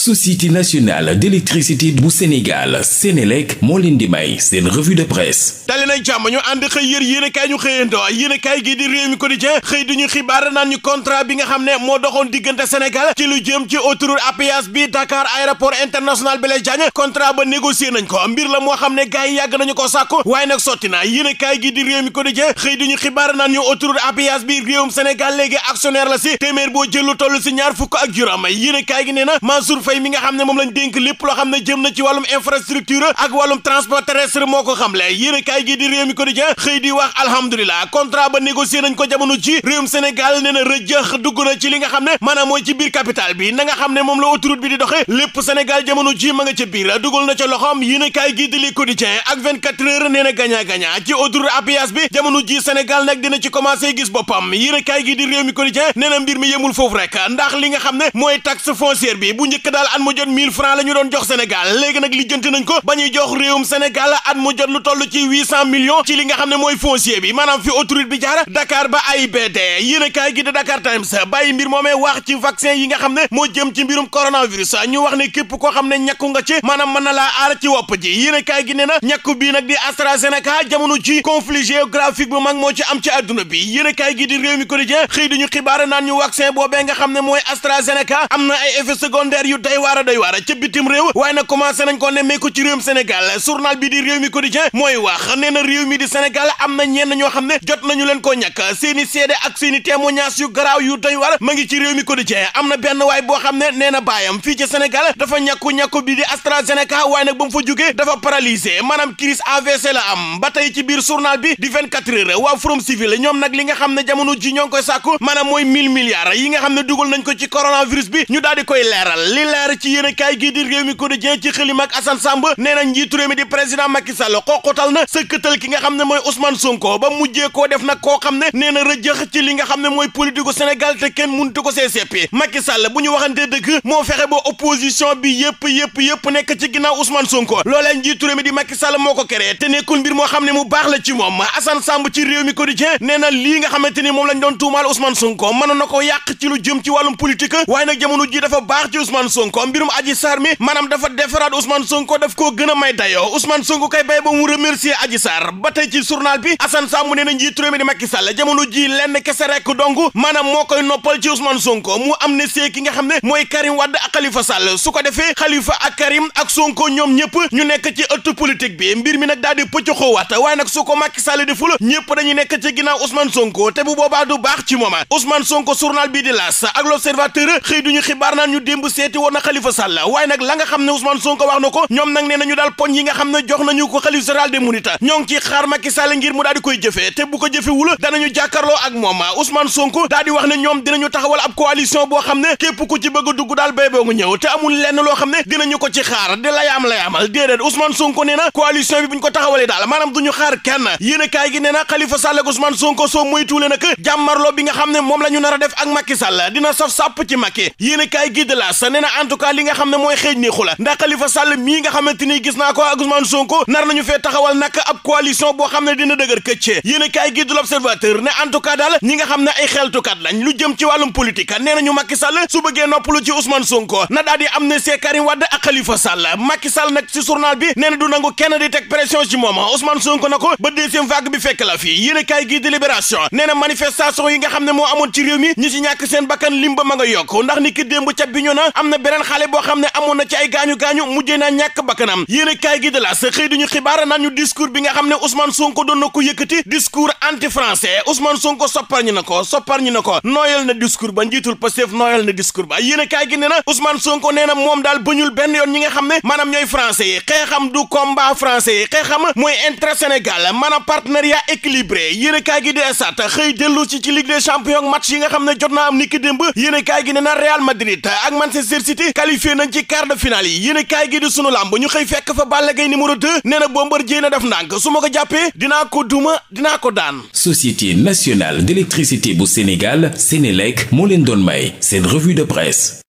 société nationale d'électricité bu Sénégal Sénélec moo leen di may seen revue de presse dali nag jàmm ñu ànd xëy yër yéenekaay ñu xëyandoo yéenekaay gi di Rewmi Quotidien xëy di ñu xibaar naan ñu contrat bi nga xam ne moo doxoon diggante Sénégal ci lu jëm ci autoroute à péage bi Dakar aéroport international Blaise Diagne contrat ba négocié nañ ko mbir la moo xam ne gars yi yàgg nañu ko sàkku waaye nag sotti na yéenekaay gi di Rewmi Quotidien xëy di ñu xibaar naan ñu autoroute à péage bi réewum Sénégal la si téeméer boo jëlu toll si ñaar fukk ak juróom yéenekaay gi nee na Faye mi nga xam ne moom lañ dénk lépp loo xam ne jëm na ci wàllum infrastructure ak wàllum transport moo ko xamle yéen gi di réew mi quotidien xëy di wax alhamdulilah contrat ba négocié nañ ko jamono ci réewum Sénégal nee na rëjëx dugg na ci li nga xam ne maanaam mooy ci biir capital bi na nga xam ne moom la autoroute bi di doxe lépp Sénégal jamono ji ma nga ca biir dugal na ca loxoom yéen gi di li quotidien ak 24 heures nee na gaña gaña ci autoroute à péage bi jamono ji daal at jot 1000 francs la ñu doon jox Sénégal léegi nag lijjanti nañ ko ba ñuy jox réewum Sénégal at mu jot lu toll ci 800 millions ci li nga xam ne mooy foncier bi maanaam fi autoroute bi jaar Dakar ba AIBD yéen a kaay gi de Dakar Times bàyyi mbir moomee wax ci vaccin yi nga xam ne moo jëm ci mbirum coronavirus ñu wax ne képp koo xam ne ñàkku nga ci maanaam mën na laa aar ci wopp ji yéen a gi ne na ñàkku bii nag di AstraZeneca jamono ci conflit géographique bu mag moo ci am ci adduna bi yéen gi di réew mi quotidien xëy duñu xibaar naan ñu vaccin boobee nga xam ne mooy AstraZeneca am na ay effets secondaires yu day waara day waara ca bitim réew waaye nag ko nemmee ko ci réewum Sénégal mi quotidien mooy wax nee na réew mi di Sénégal am na ñenn ñoo xam ne jot nañu leen koo ñàkk seeni seede ak seeni témoignage yu garaaw yu doy waar ma ngi ci réew mi quotidien am na benn waay boo xam ne nee na baayam fii ci Sénégal dafa ñàkku-ñàkku bi di AstraZeneca waaye nag ba mu fa jógee dafa paralysé maanaam crise AVC la am ba tey ci biir journal bi di 24 heures waa Forum Civil ñoom nag li nga xam ne jamono ji ñoo ngi koy sàkku maanaam mooy 1000 milliards yi nga xam ne duggul nañ ko ci coronavirus bi ñu daal di koy leeral Sarr ci yéen a kaay gii di réew mi quotidien ci xëlim ak Assane Samb nee na njiitu di président Macky Sall xooqutal na sëkkatal ki nga xam ne mooy Ousmane Sonko ba mujjee koo def nag koo xam ne nee na rëjëx ci li nga xam ne mooy politique Sénégal te kenn mënut ko see seppi Macky Sall bu ñu waxantee dëgg moo fexe ba opposition bi yëpp yëpp yëpp nekk ci ginnaaw Ousmane Sonko loolee njiitu réew mi di Macky Sall moo ko créé te nekkul mbir moo xam ne mu baax la ci moom Assane Samb ci réew mi quotidien nee na lii nga xamante ni moom lañ doon tuumaal Ousmane Sonko mënoon na ko yàq ci lu jëm ci wàllum politique waaye nag jamono ji dafa baax ci Ousmane Sonko mbirum Adji Sarr mi maanaam dafa defaraat Ousmane Sonko daf koo gën a may dayoo Ousmane Sonko kay bay ba mu remercier Adji Sarr ba tey ci journal bi Assane Samb nee na njiitu réew mi di Macky Sall jamono ji lenn kese rek dong maanaam moo koy noppal ci Ousmane Sonko mu amnistie ki nga xam ne mooy Karim Wade ak Khalifa Sall su ko defee Khalifa ak Karim ak Sonko ñoom ñëpp ñu nekk ci ëttu politique bi mbir mi nag daal di pëcc xoowaat waaye nag su ko Macky Sall nekk ci ginnaaw Ousmane Sonko te bu boobaa du baax ci mooma Ousmane Sonko journal bi di laas ak l'observateur xëy duñu xalifa Khalifa Sall waaye la nga xam ne Ousmane Sonko wax na ko ñoom nag nee nañu daal poñ yi nga xam ne jox nañu ko Khalifa général des Mourides ñoo ngi ci xaar Macky Sall ngir mu daal di koy jëfee te bu ko jëfewul danañu jàkkaarloo ak moom Ousmane Sonko daal di wax ne ñoom dinañu taxawal ab coalition boo xam ne képp ku ci bëgg a daal béy boo nga ñëw te amul lenn loo xam ne dinañu ko ci xaar di layaam layaamal déedéet Ousmane Sonko nee na coalition bi ko taxawalee daal maanaam duñu xaar kenn yéen a kaay gi nee na Khalifa bi nga xam ne moom la ñu nar a def ak Macky Sall dina a kaay la sa nee na tout li nga xam ne mooy xëej nii xula ndax Khalifa Sall mii nga xamante ni gis naa ko ak Ousmane Sonko nar ñu fee taxawal nag ab coalition boo xam ne dina dëgër këccee yéen a kaay gi du ne en tout cas daal ñi nga xam ne ay xeltukat lañ lu jëm ci wàllum politique nee nañu Macky Sall su bëggee noppalu ci Ousmane Sonko na daal di am ne see Karim Wade ak Khalifa Sall Macky Sall nag bi nee na du nangu kenn di teg pression ci moom Ousmane Sonko ko ba deuxième vague bi fekk la fii na manifestation yi nga xam ne moo amoon ci réew mi ñi ci ñàkk seen bakkan lim ba na am na beneen xale boo xam ne amoon na ci ay gaañu-gaañu mujjee naa ñàkk bakkanam yéen kaay gi de la sa xëy duñu xibaar naan ñu discours bi nga xam ne Ousmane Sonko doon na ko yëkkati discours anti français Ousmane Sonko soppar ñu na ko soppar ñu na ko nooyal na discours ba njiitul Pastef nooyal na discours ba yéen kaay gi ne na Ousmane Sonko nee na moom daal bañul benn yoon ñi nga xam ne maanaam ñooy français yi xeexam du combat français yi xeexam mooy intre Sénégal maanaam partenariat équilibré yéen kaay gi de sat xëy dellu ci ci Ligue des champions match yi nga xam ne jot naa am niki démb yéen na Real Madrid ak Manchester City City qualifié nañ ci quart de finale yi yéen a kaay gi di sunu làmb ñu xëy fekk fa Balla Gaye numéro 2 nee na Bombardier na def ndànk su ma ko jàppee dinaa ko duma dinaa ko daan. Société nationale d'électricité bu Sénégal Sénélec moo leen doon may seen revue de presse.